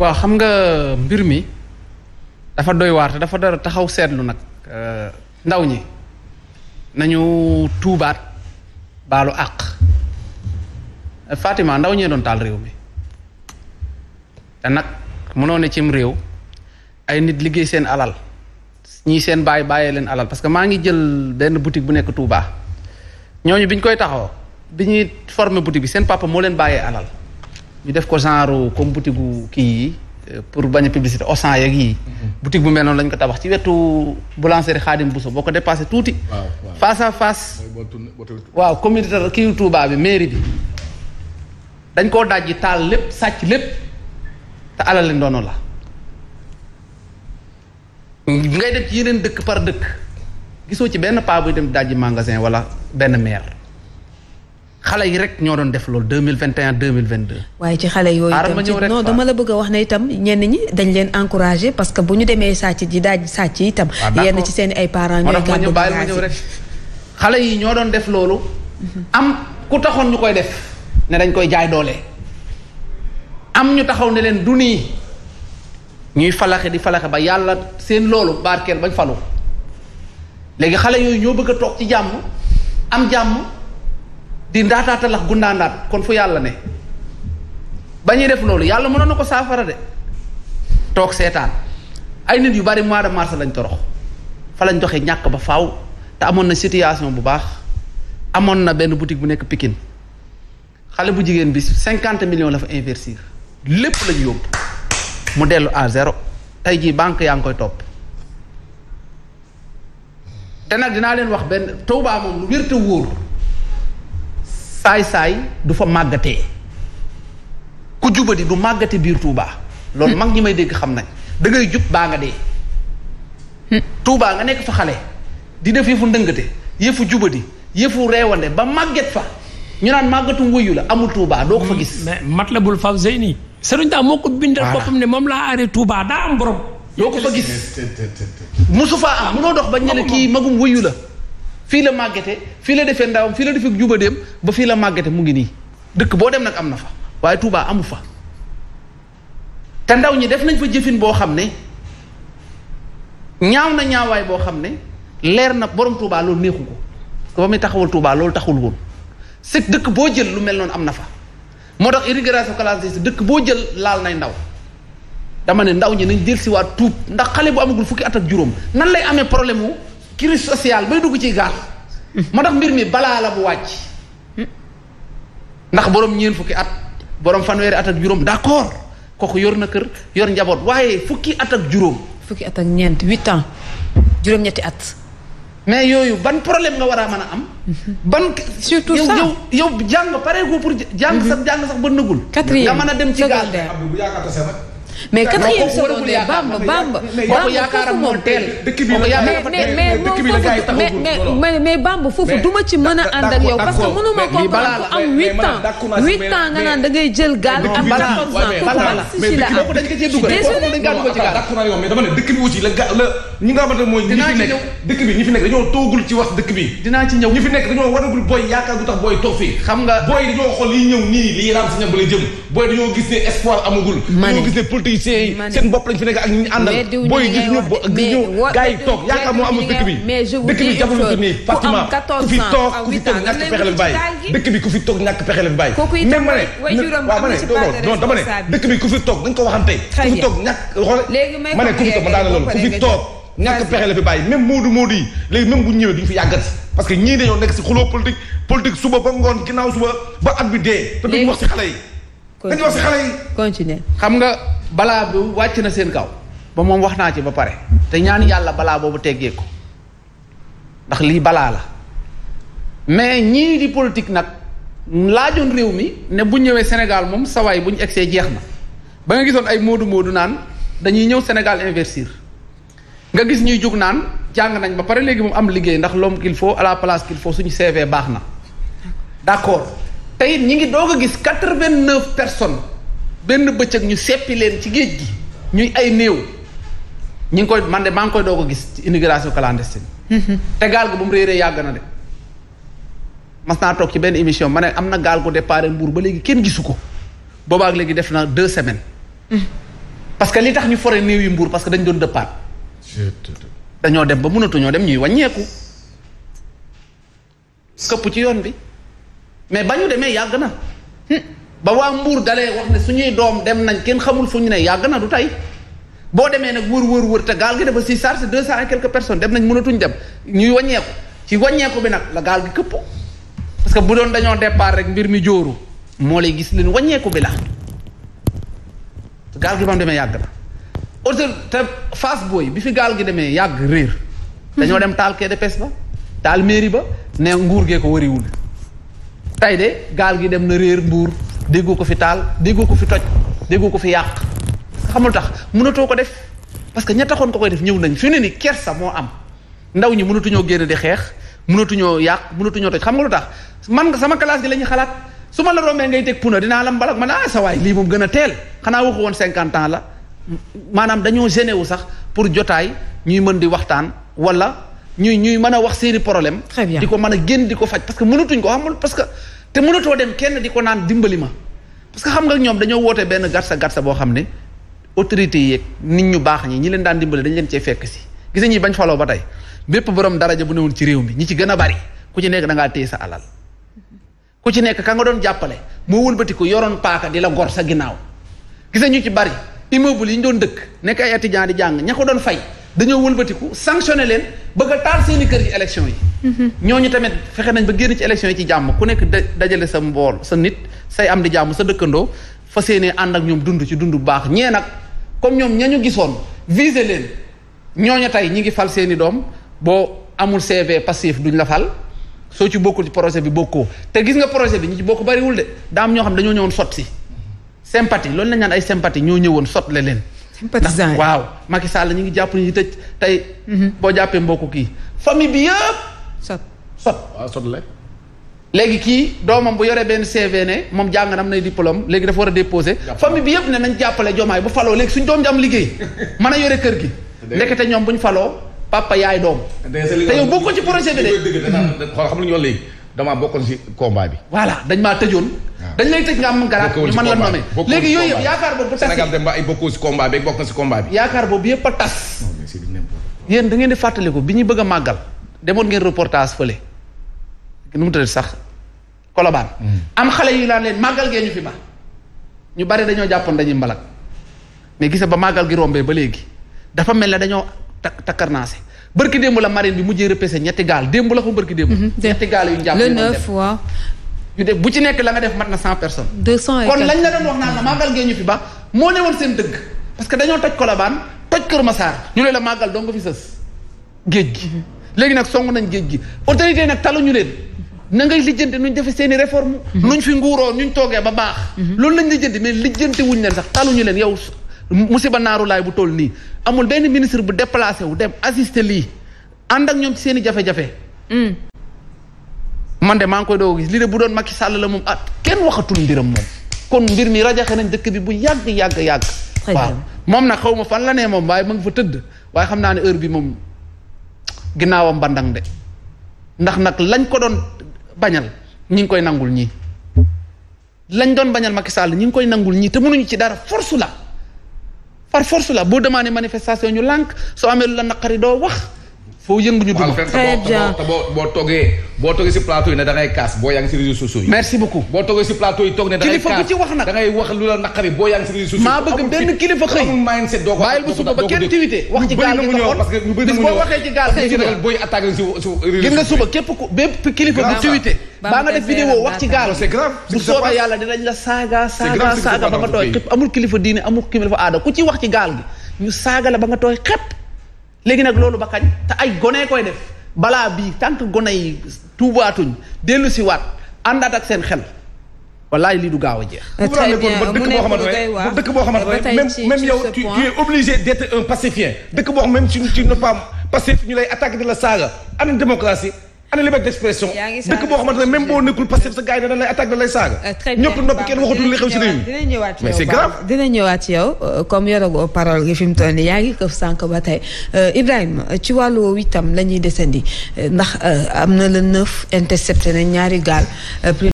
waaw xam nga mbir mi dafa doy waar te dafa dara taxaw seetlu nag euh, ndaw ñi nañu tuubaat baalu àq Fatima ndaw ñee doon taal réew mi te nag mënoon ne cim réew ay nit liggéey seen alal ñii seen bàyyi bàyyee leen alal parce que maa ngi jël benn boutique bu nekk Touba ñooñu bi ñu koy taxaw bi ñuy formé boutique bi seen papa moo leen bàyyee alal ñu def ko genre comme boutique gu kii yi euh, pour bañ a publicité Auchan yeeg yii. Mhm. boutique bu mel noonu lañ ko tabax ci wetu boulangerie Xaadim Bousso boo ko def dépassé tuuti. face à face. waaw communauté kii Touba bi mairie bi dañ koo dajji taal lépp sàcc lépp te alal leen doonoon la. ngay dem ci yeneen dëkk par dëkk gisoo ci benn paa buy dem dajji magasin wala benn maire. xale yi rek ñoo doon def loolu deux mille vingt et un deux mille vingt deux. waaye ci xale yooyu itam non dama la bëgg a itam ñenn ñi dañ leen encouragé parce que bu ñu demee sàcc ji daaj sàcc itam. Ah, yenn ci seen ay parents. ñooy gàddu bàyyil ma ñëw rek xale yi ñoo doon def loolu. am ku taxoon ñu koy def ne dañ koy jaay doole. am ñu taxaw ne leen du nii ñuy falaxe di falaxe ba yàlla seen loolu barkeel bañ falu léegi xale yooyu ñoo bëgg a toog ci jàmm am jàmm. di ndaataata lax gu kon fu yàlla ne ba ñuy def loolu yàlla mënoon na ko saafara de toog seetaan ay nit yu bari mois de mars lañ torox fa lañ doxee ñàkk ba faaw te amoon na situation bu baax amoon na benn boutique bu nekk pikin xale bu jigéen bi cinquante millions la fa investir lépp lañ yóbbu mu dellu à zéro tey jii banque yaa ngi koy topp te nag dinaa leen wax benn Touba moom lu wér wóor saay-saay du fa màggatee ku jubadi du màggate biir tuubaa loolu hmm. mag ñi may dégg xam nañ da ngay jub baa nga dee hmm. Touba nga nekk fa xale di def yëfu ndëngate yëfu jubadi yëfu reewande ba màgget fa ñu naan màggatum wuyu la amul tuubaa doo ko fa gis hmm, mais Matlabul Fawzayni Sëriñ daa moo ko bindal boppam ne moom laa aaree Touba daa am borom doo ko fa gis mosu faa am munoo dox ba ñele kii magum wuyu la fii la màggete fii la defee ndawam fii la defee jubadeem ba fii la màggete mu ngi nii dëkk boo dem nag am na fa waaye Touba amu fa te ndaw ñi def nañ fa jëfin boo xam ne ñaaw na ñaawaay boo xam ne leer na borom Touba loolu neexu ko ba muy taxawal tuubaa loolu taxul woon c'est dëkk boo jël lu mel noon am na fa moo tax irrigation classée si dëkk boo jël laal nay ndaw dama ne ndaw ñi nañ jël si waat tuub ndax xale bu amagul fukki at ak juróom nan lay amee problème wu crise sociale bay dugg ci gaal. ma tax mbir mi balaa la bu wàcc. ndax borom ñeen fukki at borom fanweeri at ak juróom d'accord kooku yor na kër yor njaboot waaye fukki at ak juróom. fukki at ak ñeent huit ans juróom-ñetti at. mais yooyu ban problème nga war a mën a am. Mhm. ban surtout ça yow yow jàng pareegoo pour jàng sax mhm. jàng sax ba nëgul. nga mën a dem ci gaal bu mais quatrième seconde Bamba Bamba. mais mais Bamba foofu du ma ci mën a am huit da ngay jël gaal am quatorze mais mais dama dëkk bi aussi la ga la ñi nga xamante mooy ñi fi nekk dañoo toogul ci wax dëkk bi dinaa ci ñëw ñi fi nekk dañoo waragul booy yaakaar gu tax booy toog fii xam nga booy dañoo xool yi ñëw nii lii raam si ñam ba la jëm booy dañoo gis ne espoir amagul dañoo gis ne politique politiciens yi seen bopp lañ fi nekk ak ñu àndal booy gis ñu gis bi dëkk bi jafandiku bi ku fi toog ñàkk dama ne dëkk bi ku fi toog dañ ko waxante ku ku fi toog ma daana loolu ku fi toog ñàkk pexe la fi bàyyi même moodu moodu yi léegi même bu ñëwee duñu fi yàggati parce que ñii dañoo nekk si xuloo politique politique suba ba ngoon ginnaaw suba ba at bi dee te duñu wax si xale yi dañu wax si xale yi xam nga balaa bi wàcc na seen kaw ba moom wax naa ci ba pare te ñaan yàlla balaa boobu teggee ko ndax lii balaa la mais ñii di politique nag laajoon réew mi ne bu ñëwee Sénégal moom sawaay bu ñu egsee jeex na ba nga gisoon ay moodu moodu naan dañuy ñëw Sénégal investir nga gis ñuy jug naan jàng nañ ba pare léegi moom am liggéey ndax l'homme qu'il faut à la place suñu CV baax na d'accord te it ñi ngi doo ko gis quatre vingt personnes benn bëccëg ñu seppi leen ci géej gi ñuy ay néew ñu ngi koy man de maa ngi koy doog ko gis ci immigration clandestine. te gaal gi ba mu réeree yàgg na de. mas naa toog ci benn émission ma ne am na gaal ko départ Mbour ba léegi kenn gisu ko ak léegi def na deux semaines. parce que li tax ñu fore néew yi mbuur parce que dañ doon dëppaat. dañoo dem ba mënatuñoo dem ñuy waññeeku këpp ci yoon bi mais ba ñu demee yàgg na. ba waa mbuur dalee wax ne suñuy doom dem nañ kenn xamul fu ñu ne yàgg na du tey boo demee nag wër wër wër te gaal gi dafa si charge deux cent et quelques personnes dem nañ mënatuñ dem ñuy wàññeeku ci wàññeeku bi nag la gaal gi këpp parce que bu doon dañoo départ rek mbir mi jóoru moo lay gis leen wàññeeku bi la gaal gi ba mu demee yàgg na auto te Fass bi fi gaal gi demee yàgg réer dañoo dem taal quai de pêche ba ba ne nguur gee ko wariwul tey gaal gi dem na réer mbuur déggoo ko fi taal déggoo ko fi toj déggoo ko fi yàq xamul tax mënatoo ko def parce que ña taxoon ko koy def ñëw nañ fi ne ni kersa moo am ndaw ñi mënatuñoo génn di xeex mënatuñoo yàq mënatuñoo toj xam nga lu tax man nga sama classe gi la xalaat su ma la rombee ngay teg puna dinaa la mbalak man ah sa waay lii moom gën a teel xanaa waxu woon cinquante ans la maanaam dañoo gêné wu sax pour jotaay ñuy mën di waxtaan wala ñuy ñuy mën a wax seeni problème di ko mën a génn ko faj parce que mënatuñ ko xamul parce te mënatoo dem kenn di ko naan dimbali ma parce que xam nga ñoom dañoo woote benn gatsa gatsa boo xam ne autorités yi yeeg nit ñu baax ñi ñi leen daan dimbali dañ leen cee fekk si gis ñi bañ faloo ba tey bépp borom daraja bu newoon ci réew mi ñi ci gën a bari ku ci nekk dangaa ngaa téye sa alal ku ci nekk ka nga doon jàppale moo wëlbati ko yoroon paaka di la gor sa ginnaaw gis ñu ci bari immeuble yi ñu doon dëkk nekk ay étudiants di jàng ña ko doon fay dañoo wëlbatiku sanctionné leen bëgg a taal seen kër gi élection yi. Mhm. ñu tamit fexe nañ ba génn ci élection yi ci jàmm ku nekk dajale sa mbool sa nit say am di jàmm sa dëkkandoo fas yéene ànd ak ñoom dund ci dund bu baax ñee nag comme ñoom ña ñu gisoon visé leen ñu tey ñi ngi fal seen i doom boo amul CV passif duñ la fal soo ci bokkul ci projet bi bokkoo te gis nga projet bi ñi ci bokk bariwul de daam ñoo xam dañoo ñëwoon sot si sympathie loolu lañ naan ay sympathie ñoo ñëwoon sotle leen. sympathisant waaw Macky Sall ñu ngi jàpp ñu tëj tey. boo jàppee mbokk kii famille bi yëpp. sot sot la. léegi kii doomam bu yoree benn CV ne moom jàng na am nay diplôme léegi dafa war a déposé. famille bi yëpp ne nañ jàppale jomaay bu faloo léegi suñ doom ji am liggéey mën a yore kër gi. ndekete ñoom buñ faloo papa yaay doom. te yow boo ko ci projet bi de. xool damaa bokkoon si combat bi. voilà dañ maa tëjoon. Ah. dañ lay tëj nga am garaat ñu mën la nommer. léegi yooyu yëpp yaakaar boobu tas Sénégal dem ay bokkoo si bokk si combat bi. yaakaar boobu a tas. yéen da ngeen di fàttaliku bi ñu bëgg a màggal. demoon ngeen reportage fële. nu mu tëddee sax Colobane. Hmm. am xale yu laa leen màggal ngeen ñu fi ba. ñu bari dañoo jàppoon dañuy mbalak mais gise ba màggal gi rombee ba léegi dafa mel ne dañoo takkarnaase bërki démb la marine bi mujjee repêché ñetti gaal démb la ko bërki démb ñetti gaal yu ñu jàpp le neuf waaw yu def bu ci nekk la nga def mat na cent personnes deux cent et kon lañ la doon wax naan la màggal gee ñu fi ba moo ne woon seen dëgg parce que dañoo toj Colobane toj Kër Massar ñu ne la màggal doo nga fi sës géej gi mhm. léegi nag song nañ géej gi autorité nag taluñu leen na ngay lijjanti nuñ defee seen i réforme mhm. nuñ fi nguuroo nuñ toogee ba baax mhm. loolu lañ lijjanti mais lijjanti wuñ leen sax taluñu leen yow musiba naaru laay bu toll nii amul benn ministre bu déplacé wu dem assister lii àndak ñoom ci seen i jafe-jafe. Mm. man de maa ngi koy doog gis lii de bu doon Macky Sall la moom ah kenn waxatul mbiram kon mbir mi rajaxe nañ dëkk bi bu yàgg yàgg yàgg. waaw moom na xaw ma fan la nee moom waaye ma ngi fa tëdd waaye xam naa ne heure bi moom ginnaawam bandang de ndax nag lañ ko doon bañal ñi ngi koy nangul ñii lañ doon bañal Macky Sall ñi ngi koy nangul ñii te mënuñu ci dara force la. par force la boo demandé manifestation ñu lànk soo amee lu la naqari doo wax foo yëngu ñu dugg très boo boo boo toogee si plateau yi ne da ngay kaas boo yaa ngi si réseaux sociaux yi. merci beaucoup boo toogee si plateau yi toog ne da kaas la naqari boo yaa ngi si réseaux sociaux. maa bëgg benn kilifa xëy bàyyil bu suba ba kenn tiwite wax ci gaal gi taxoon parce que mu soobee yàlla dinañ la saaga saaga ba nga tooy xëpp amul kilifa diine amul kilifa aada ku ci wax ci gaal gi ñu saaga la ba nga tooy xëpp léegi nag loolu ba kañ te ay gone koy def balaa bii tànk gone yi tuubaatuñ dellu si waat àndaat ak seen xel wallaay lii du gaaw a jeex. très bien euh, mu nekk lu dëkk boo xamante ne même même tu es obligé d' un pacifien dëkk boo xam même si tu ne pas pacif ñu lay attaqué de la saaga ana démocratie. ana liberté d'expression dëkk boo xamante ne même boo nekkul Pastef sa gars yi dañ lay attaque dañ saaga. Euh, ñëpp noppi kenn waxatul li xew ci réew mi dina ñëwaat mais c'est grave dina ñëwaat ci yow euh, comme yoragoo parole gi fi mu yaa ngi këf sànq ba tey euh, Ibrahima ci wàllu woowu itam la desandi ndax am na le neuf intercepté na ñaari gaal.